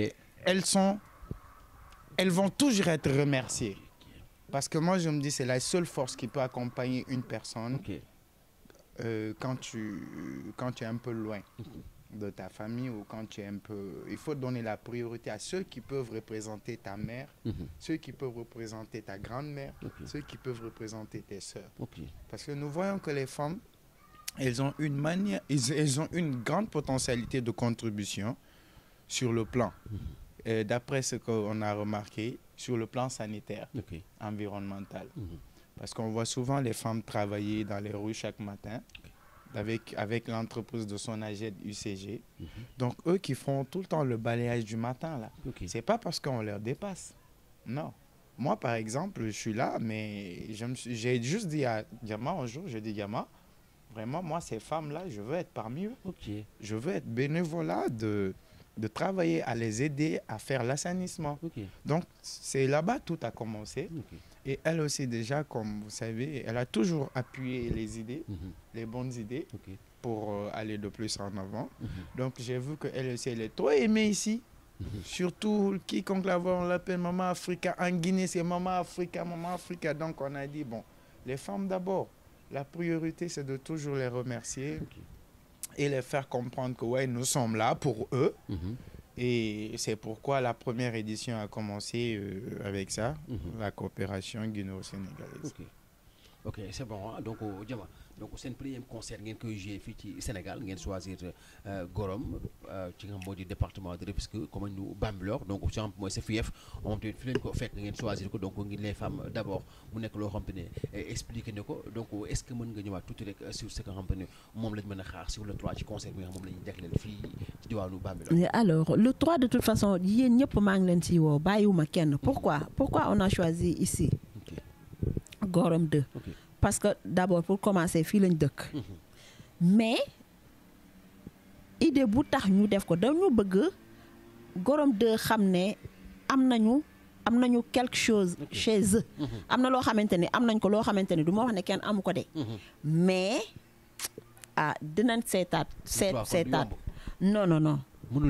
Elles sont elles vont toujours être remerciées. Parce que moi, je me dis, c'est la seule force qui peut accompagner une personne euh, quand, tu, quand tu es un peu loin de ta famille ou quand tu es un peu... Il faut donner la priorité à ceux qui peuvent représenter ta mère, mhm. ceux qui peuvent représenter ta grand-mère, ceux qui peuvent représenter tes soeurs. Parce que nous voyons que les femmes, elles ont une manière, elles, ont une grande potentialité de contribution sur le plan. Mhm. Euh, d'après ce qu'on a remarqué, sur le plan sanitaire, environnemental. Mhm. Parce qu'on voit souvent les femmes travailler dans les rues chaque matin avec, avec l'entreprise de son agent UCG. Mhm. Donc, eux qui font tout le temps le balayage du matin, là, n'est c'est pas parce qu'on leur dépasse. Non. Moi, par exemple, je suis là, mais j'ai juste dit à Diamant un jour, je dis Diamant, vraiment, moi, ces femmes-là, je veux être parmi eux. Je veux être bénévolat de, de travailler à les aider à faire l'assainissement. Donc, c'est là-bas tout a commencé. Et elle aussi, déjà, comme vous savez, elle a toujours appuyé les idées, mhm. les bonnes idées, pour euh, aller de plus en avant. Mhm. Donc, j'ai vu qu'elle aussi, elle est trop aimée ici. Mhm. Surtout, quiconque la voit, on l'appelle Maman Africa. En Guinée, c'est Maman Africa, Maman Africa. Donc, on a dit, bon, les femmes d'abord. La priorité, c'est de toujours les remercier et les faire comprendre que ouais, nous sommes là pour eux. Mhm. Et c'est pourquoi la première édition a commencé euh, avec ça, mhm. la coopération guinéo-sénégalaise. Ok, c'est bon. Hein. Donc, au donc le premier concert que j'ai fait au ci Sénégal ngeen choisir euh, Gorom euh, ci nga département de Rufisque comme nous, Bambilor donc ci am mooy sa fief moom tamit fi leen ko fek ngeen choisir donc les femmes d'abord, mu nek lo expliquer ne eh, donc est ce que meun nga ñëwaat tout rek euh, sur ce que vous avez lañ xaar sur le 3 ci concert bi nga xam moom la ci alors le 3 de toute façon il ñëpp a ngi len ci wo bayiwuma kenn pourquoi pourquoi on a choisi ici. Gorom 2 parce que d'abord pour commencer fii lañ dëkk. Mm-hmm. mais idée bu tax ñu def ko dañu bëgg Gorom de xamné ne am nañu quelque chose chez eux. Mm-hmm. amna lo xamanteni xamante ni ko lo xamanteni duma du wax ne kenn amu ko dé mm-hmm. mais ah dinañ seetaat. sét seetaat non non non non non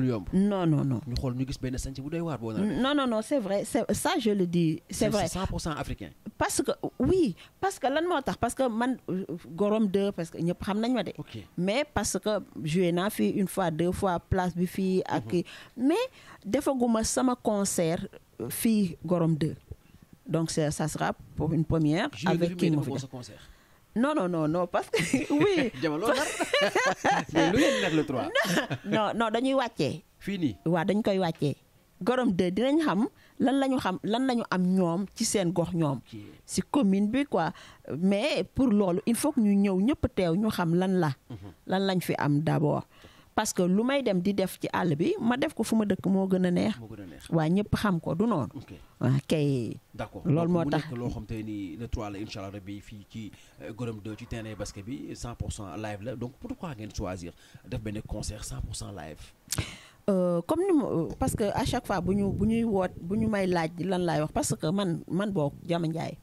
non. non non non c'est vrai ça je le dis. c'est vrai 100% africain. parce que oui parce que l'année moo parce que man gorom 2 parce que n'y pas pas ma de. mais parce que je suis une fois deux fois place bi à ak. Mhm. mais ça un concert euh, fille gorom 2 donc ça sera pour une première. avec qui. non non non non parce que oui. nar mais lu ngeen nekk le 3. non non dañuy wàccee. fii nii waaw dañ koy wàccee. gorom 2 dinañ xam lan la ñu xam lan la ñu am ñoom ci seen gox ñoom. si commune bi quoi mais pour loolu il faut que ñu ñëw ñëpp teew ñu xam lan la. Mhm. lan lañ fi am d' abord. parce que lu may dem di def ci àll bi ma def ko fu ma dëkk moo gën a neex. waa ñëpp xam ko du noonu. waa ah, kay. d'accord loolu moo tax loo xam te ni le 3 la incha allah rabbi fii ci euh, Gorom 2 ci terrain basket bi 100% live la donc pourquoi ngeen choisir def benn concert 100% live. Euh, comme ni euh, parce que à chaque fois bu ñu bu ñuy woot bu ñu may laaj lan lay wax parce que man man boog Jama Ndiaye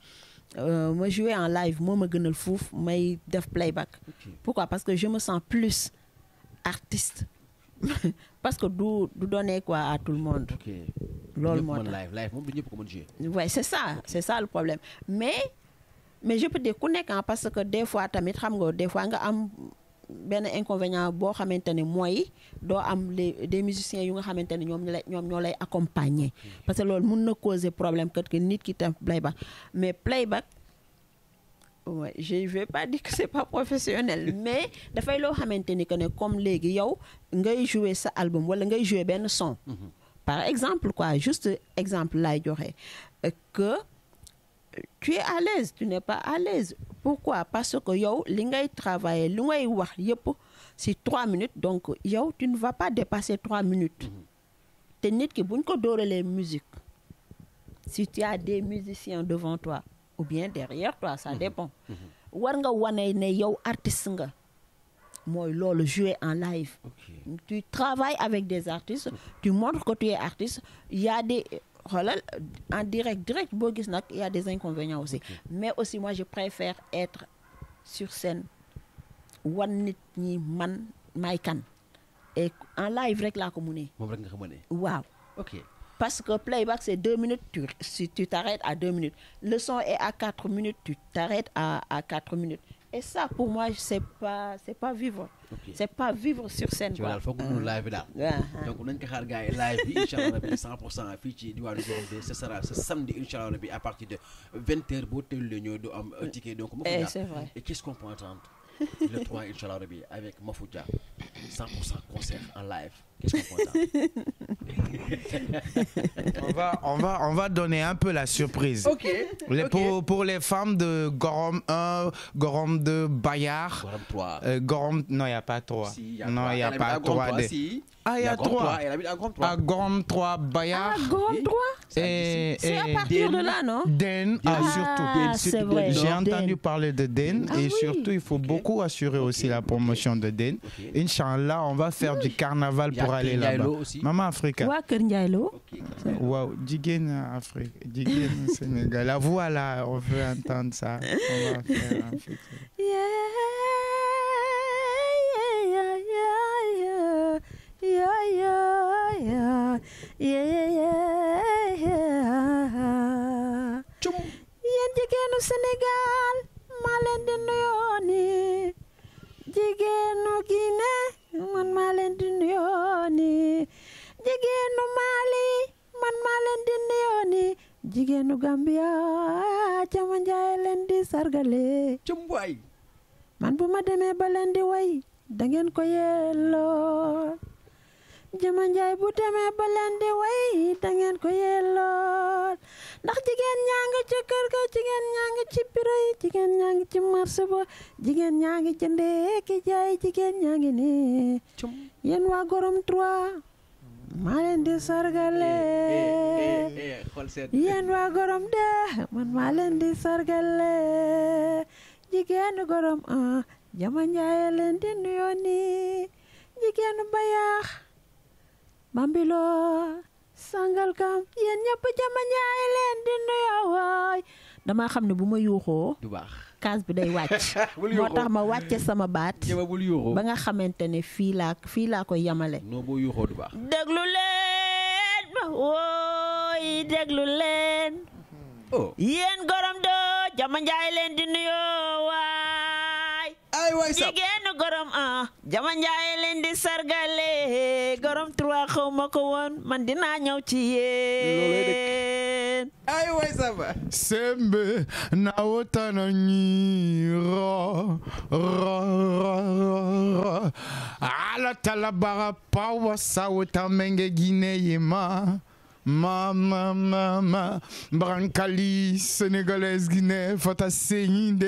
ma jouer en live moo ma gënal fuuf may def playback. pourquoi parce que je me sens plus artiste parce que d'où donner quoi à tout le monde. ok ouais c'est ça c'est ça le problème mais mais je peux dire hein, parce que des fois tu xam nga des fois nga am ben inconvénient bon à maintenir moi am les des musiciens yu nga xamante ne ñom ñolay accompagner. parce que ne mën na causer problème que nit ki tam playback mais playback Ouais, je ne vais pas dire que c'est pas professionnel mais dafay loo xamante ni que ne comme léegi yow ngay jouer sa album ou ngay jouer un son. Mhm. par exemple quoi juste exemple y aurait que tu es à l'aise tu n'es pas à l'aise pourquoi parce que yow li ngay travailler li ngay wax trois minutes donc yow tu ne vas pas dépasser trois minutes. Mhm. te nit ki buñ ko les musique si tu as des musiciens devant toi ou bien derrière toi ça mhm. dépend mhm. war nga wane ne yow artiste nga mooy le jouer en live tu travailles avec des artistes tu montres que tu es artiste Il y a des en direct direct y a des inconvénients aussi mais aussi moi je préfère être sur scène wan nit man may kan et en live rek la ko munee Wow. ok parce que playback, c'est deux minutes, tu, si tu t'arrêtes à deux minutes. Le son est à quatre minutes, tu t'arrêtes à, quatre minutes. Et ça, pour moi, c'est pas, c'est pas vivre. C'est pas vivre sur scène. Tu il faut que nous hein. live là. Hein. Donc, on a une gars live, Inch'Allah, 100% Fiji, Douane, ce sera ce samedi, Inch'Allah, à partir de 20h, de L'Union, un ticket. Donc, et eh, c'est vrai. Et qu'est-ce qu'on peut entendre le 3, Inch'Allah, avec Mafouja, 100% concert en live. on, va, on, va, on va donner un peu la surprise. Pour, pour, les femmes de Gorom 1, Gorom 2, Bayard. Gorom 3. Euh, Gorom, non, il n'y a pas 3. non, il n'y a, pas 3. Ah, il y a 3. Il y a 3. Ah, à Gorom 3, Bayard. À Gorom 3 ah, C'est à partir de là, non Den, ah, ah, surtout. Ah, J'ai entendu parler de Den et surtout, il faut beaucoup assurer aussi la promotion de Den. Inch'Allah, on va faire du carnaval pour pour aller là-bas. Maman Africa. Wa Kër Ndiaylo. Waouh, Jigène Afrique, Jigène Sénégal. La voix là, on veut entendre ça. On va faire un featuring. Yeah, yeah, yeah, yeah, yeah, yeah, yeah, yeah, yeah. Tchoum. Yéen jigéenu Sénégal, maa leen di nuyoo ni jigéenu Guinée. man maa leen di nuyoo nii jigéenu Mali man maa leen di nuyoo nii jigéenu Gambia Jama Njaay leen di sargale cumbaay man bu ma demee ba leen di way da ko yelloo Jaman njaay bu demee ba leen di way da ngeen ko yellool ndax jigéen ñaa ngi ci kër ga jigéen ñaa ngi ci biro yi jigéen ñaa ngi ci marché ba jigéen ñaa ngi jaay jigéen ñaa ngi yéen waa gorom 3 maa leen di sargale eh, eh, eh, yéen waa gorom de man maa leen di sargale jigéenu gorom ah jaman njaay leen di nuyoo nii jigéenu bayaax bambilo sangal kam yéen ñëpp jama ñaay leen di nuyoo waay damaa xam ne bu ma yuuxoo du baax kaas bi day wàcc moo ma wàcce sama baat bul yuuxoo ba nga xamante ne fii laa fii laa yamale non boo yuuxoo du baax déglu leen ma wooy déglu leen oh. yéen gorom doo jama njaay leen di nuyoo waay ay waay jigéen gorom ah jama njaay leen di sargale gorom trois xaw ma ko woon man dinaa ñëw ci yéen ay way saba sembe na wotana ni ro ro ro ala talabara pawa sawta menge ma Mama, mama, Brancali, Sénégalaise, Guinée, Fatasséinde,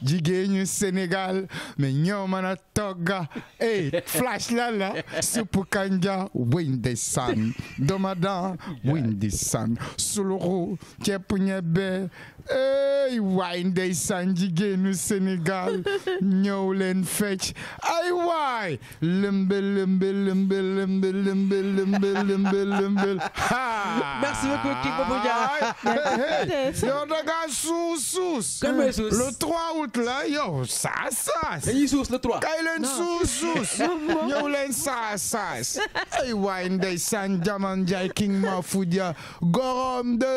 du Sénégal, Menyomana Toga, hey, Flash Lala, Supukanja, Windy Sun, Domadan, Windy Sun, Suluru, Tchepunyebe, ey waay ndeysaan jigéenu Sénégal ñëw leen fecc ay waay lëmbël lëmbël lëmbël lëmbël lëmbël lëmbël lëmbël lëmbël haa merci beaucoup King Babou Diarra yow da ngaa suus suus kan mooy suus le 3 août la yow saas saas dañuy suus le 3 kay leen suus suus ñëw leen saas saas ay waay ndeysaan jaman jaay King Mafoudia gorom de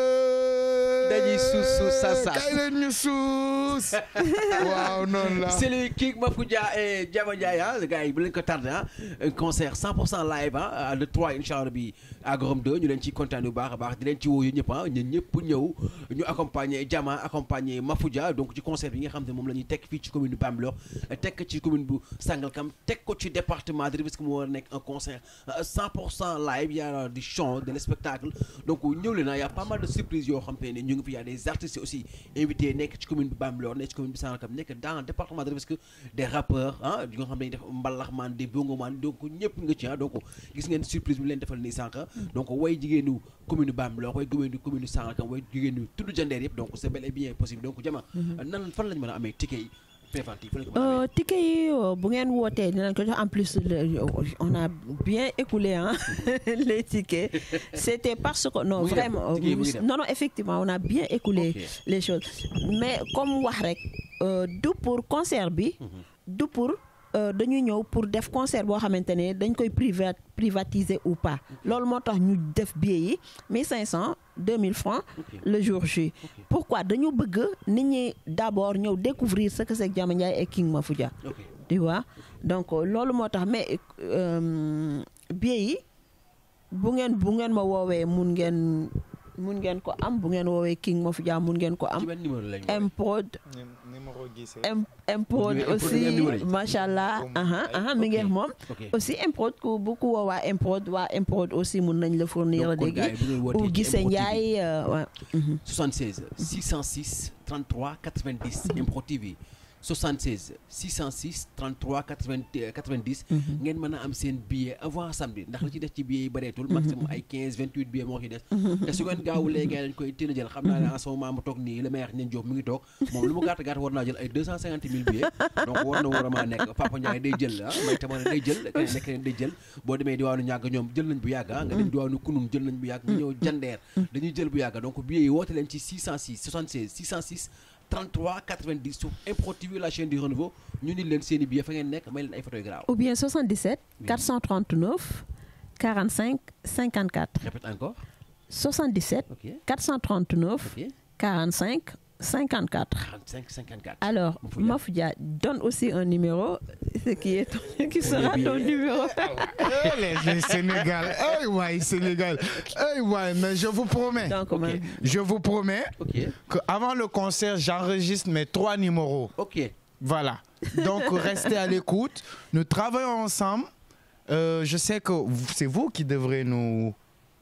dañuy suus suus sasa kay leen waaw la c'est le King Mafoudia et Diama Ndiaye hein, le gars yi bu leen ko tardé hein, un concert 100 live hein, le 3 incha allah bi à Gorom 2 ñu leen ciy kontaan bu baax a baax di leen ci woo yéen ñëpp ah ñun ñëpp ñu accompagner Diama accompagner Mafoudia donc ci concert bi nga xam ne moom la ñuy teg fii ci commune bu Bambilor teg ci commune bu Sangalkam teg ko ci département de Rufisque mu war a un concert 100 euh, live y a du chant de l'espectacle donc ñëw leen ah y a pas mal de surprises yoo xam te ñu fi y a des artistes aussi invité nek ci commune bi Bambilor nek ci commune bi Sangalkam nek dans le département de Rufisque des rappeurs hein yi nga xam ne def mbalax maan di bongoman donc ñëpp nga ci ah donc gis ngeen surprise bu len defal ni sànq ah. mm. donc way jigenu commune Bambilor way jigéenu commune Sangalkam way jigenu tuddu jandeer yëpp donc c'est bel et bien possible donc jama mm-hmm. nan fan lañ mëna amé ticket yi euh, ticket euh, en plus euh, on a bien écoulé hein, les tickets c'était parce que non vraiment non non effectivement on a bien écoulé les choses mais comme wax rek d'où pour conserver, mhm. d'où pour euh, dañuy ñëw pour def concert boo xamante ne dañ koy privat privatiser ou pas loolu moo tax ñu def billet yi mille 2000 francs le jour J pourquoi dañu bëgg nit ñi d'abord ñëw découvrir ce que c'est Diama Ndiaye et King Mafuja. tu vois donc euh, loolu moo tax mais euh, billet yi bu ngeen bu ngeen ma woowee mun ngeen mun ngeen ko am bu ngeen woowee King Mafia mun ngeen ko am. Mprod Mprod aussi macha allah. aha mi ngeex moom. aussi Mprod ku bu ku woo waa Mprod waa Mprod aussi mun nañ la fournir léegi. ou Gise Ndiaye waaw. 76 606 33 90 Mprod TV. 76 606 33 80 90. ngeen mën a am seen billet avant samedi ndax li ci def ci billet yi bareetul. Mhm. maximum ay 15 28 billets moo mhm. moom lu mu gàtt gàtt war naa jël ay 250 000 donc war na war a maa nekk Papa Ndiaye day jël ah may tamane day day jël boo demee diwaanu ñàgg ñoom jël nañ bu yàgg ah, nga dem mhm. diwaanu kunum jël nañ bu yàgg nga ñëw jandeer dañuy jël bu yàgg donc billets yi woote leen ci 606 33 90 sur Impro la chaîne du renouveau Nous, ni fa ngeen ou bien 77. 439 45 54. répète encore. 77. 439. 45, 45. 54. Alors, Mafia, donne aussi un numéro, ce qui, est qui sera ton numéro. Eh, les Sénégal, hey, eh, ouais, Sénégal, hey, eh, ouais, mais je vous promets, je vous promets qu'avant le concert, j'enregistre mes trois numéros. Ok. Voilà. Donc, restez à l'écoute. Nous travaillons ensemble. Euh, je sais que c'est vous qui devrez nous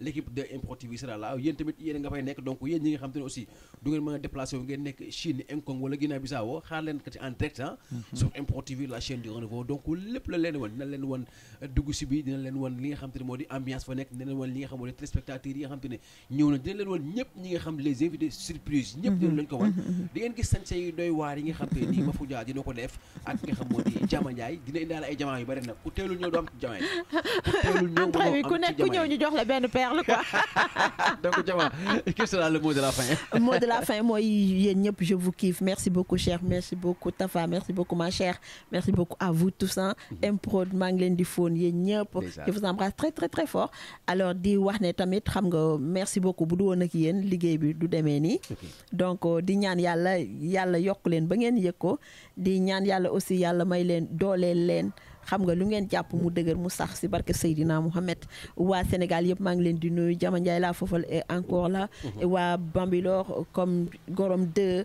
l' équipe de Impro TV sera là yéen tamit yéen nga fay nekk donc yéen ñi nga xam te ne aussi du ngeen mën a ngeen nekk Chine Hong-Kong wala Guinée Bissau xaar leen kat en direct ah mhm. sur Impro TV la chaîne du rendez donc lépp la leen wan dina leen wan dugg si bi dina leen wan li nga xam te ne leen wan li nga xam te ne ñëw na dina leen wan ñëpp ñi nga xam les invités surprise ñëpp dina leen wan mhm, mhm. di ngeen gis sañse yi nga xam te quoi. donc le mot de la fin. mot de la fin je vous kiffe merci beaucoup cher merci beaucoup Tafa merci beaucoup ma chère merci beaucoup à vous tous ah. Hein. Mprod mhm. maa du leen di fóon je vous embrasse très très très fort. alors di warnetamé à tamit xam nga merci beaucoup Boudou du woon ak yéen du donc euh, di ñaan Yalla, Yalla yokk leen ba di ñaan Yalla aussi Yalla may leen dooleel len. xam nga lu ngeen jàpp mu dëgër mu sax si barke Seydina Mohamed waa Sénégal yëpp maa ngi leen di nuyu Jama Ndiaye laa foofal et encore là. Mm-hmm. waa Bambilor comme Gorom 2.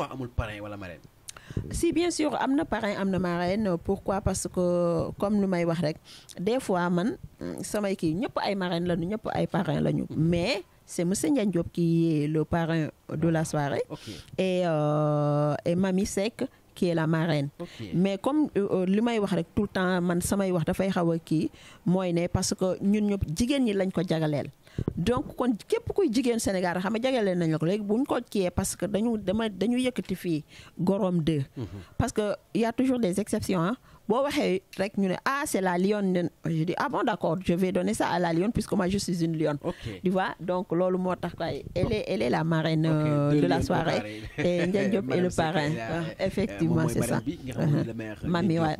pourquoi amul parrain wala marraine. si bien sûr amna parrain amna marraine pourquoi parce que comme lu may wax rek des fois man mm, samay ki ñëpp ay marraine lañu ñëpp ay parrain lañu. mais c'est monsieur Ndiagne Diop qui est le parrain de la soirée. Okay. et euh, et mamie Seck. qui est la marraine. Okay. mais comme euh, euh, li may wax rek tout le temps man samay wax da fay xawa ki moy né parce que ñun ñop jigen ñi lañ ko jagalel donc kon képp kuy jigéen Sénégal xam nga jagleel nañ la ko léegi bu ñu ko ciyee parce que dañu dama dañu yëkkati fii gorom deux. Mhm. parce que y a toujours des exceptions ah. boo waxee rek ñu ne ah c'est la lionne je dis ah bon d'accord je vais donner ça à la lionne puisque moi je suis une lionne. tu vois donc loolu moo tax kay elle est elle est la marraine. Euh, de la soirée et Ndiaye Diop euh, est le parrain. effectivement c'est ça mami waay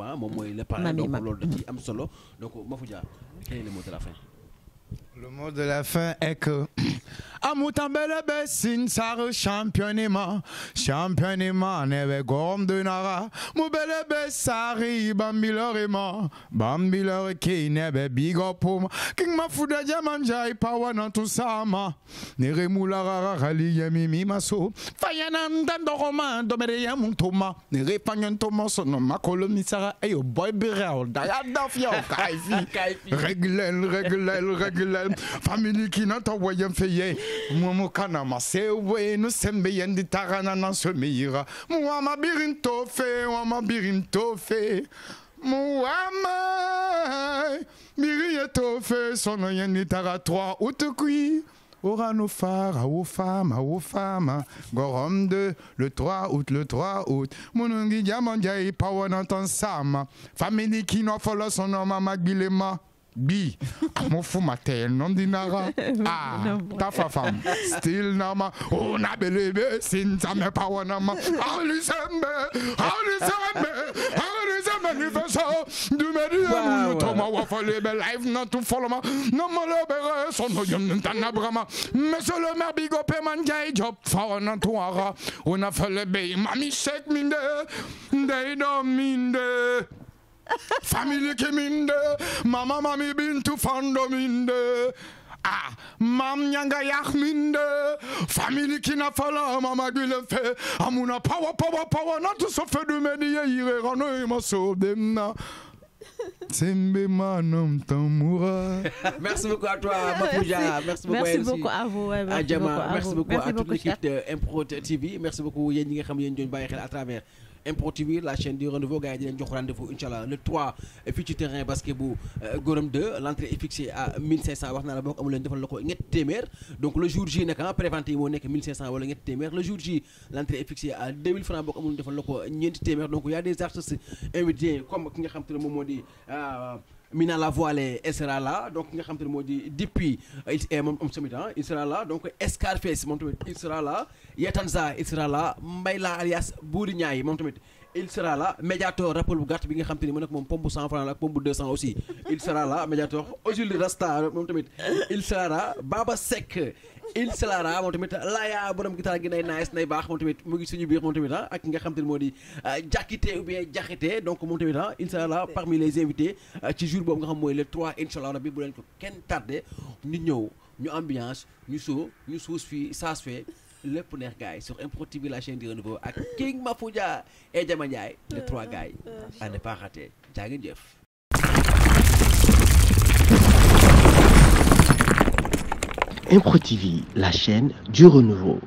mami mami loolu da ciy am solo donc Mafouja quel est le mot de la fin. Le mot de la fin est que amutambele besin sare championima championima neve gondunara mubele besari bambilorima bambilor ki neve bigopuma king mafuda jamanjai pawana ma nere mularara rali yamimi maso fayananda ndoroma domere yamutuma nere ma colomisara makolomisara eyo oh, boy birel dayadafya kaifi reglel reglel reglel yɛm famili kina ta wɔ yɛm fɛ yɛ mɔmu kana ma Nous we nu sɛm bɛ yɛn di taga na na so mi yira muwama birin to fe wama birin fe muwama birin to eh, fe sɔnɔ yɛn di taga tɔa o te phare, Orano phare, aux femmes, aux femmes, Gorom 2, le 3 août, le 3 août, Munungi Diamandiaï, e Pawanantan Sam, Family Kino Follow son homme à Magbilema. B, B. Amofu mater nondinara. Ah, ah tafa fam. Still nama. Oh na I'm a power nama. Alisembe, ah, ah, alisembe, alisembe nifeso. Du me you do di emu toma wafa lebe life not to follow ma. No mo lebe son no yum ntana brama. Monsieur le maire big up man jai job fa na tuara. Una fele be mami shake me, minde. They don't mean de. Family kiminde, mama mami bintu fandominde. Ah, mam nyanga yahminde, family kina fala mama fe. amuna power power power, not to suffer du medie ire rano imaso demna. Merci beaucoup à toi, Mapouja. Merci beaucoup, merci beaucoup à vous. Ouais, merci, Adjama. Beaucoup à merci beaucoup à, à toute l'équipe de Impro TV. Merci beaucoup, Yen Kham Yen à travers Impro la chaîne du renouveau vous gars yi rendez-vous inchallah le 3 futur terrain basket ball euh, Gorom 2 l'entrée est fixée à 1500 wax a la boo donc le jour J n'a pas ah, préventé yi 1500 wala ñetti le jour J l'entrée est fixée à 2000 francs on a amu temer defal donc y a des artistes invités comme ki nga xam te ne Mina voile, elle sera là donc nga xam depuis euh, eh, hein, il sera là donc Escarface, il sera là Yatanza il sera là alias Buri il sera là Mediator rappel vous bi nga pompe 100 francs la ak pompe 200 aussi il sera là Mediator Rasta il sera là Baba Sec il Salara moom tamit Laya borom gitaar gi nay nice nay baax moom tamit mu ngi suñu biir moom tamit ah ak ki nga xam te ne moo di ah, ou bien Jaxite donc moom tamit ah il Salara parmi les invités ah, ci jour boobu nga xam mooy le trois, inshallah allah rabi bu leen ko kenn tardé ñu ñëw ñu ambiance ñu soo ñu suus fii saas fee lépp neex gaay sur impro TV la chaîne di renouveau ak King Mafuja, et Jama le les trois gaay à ne pas rater jaa ngeen ImproTV, la chaîne du renouveau.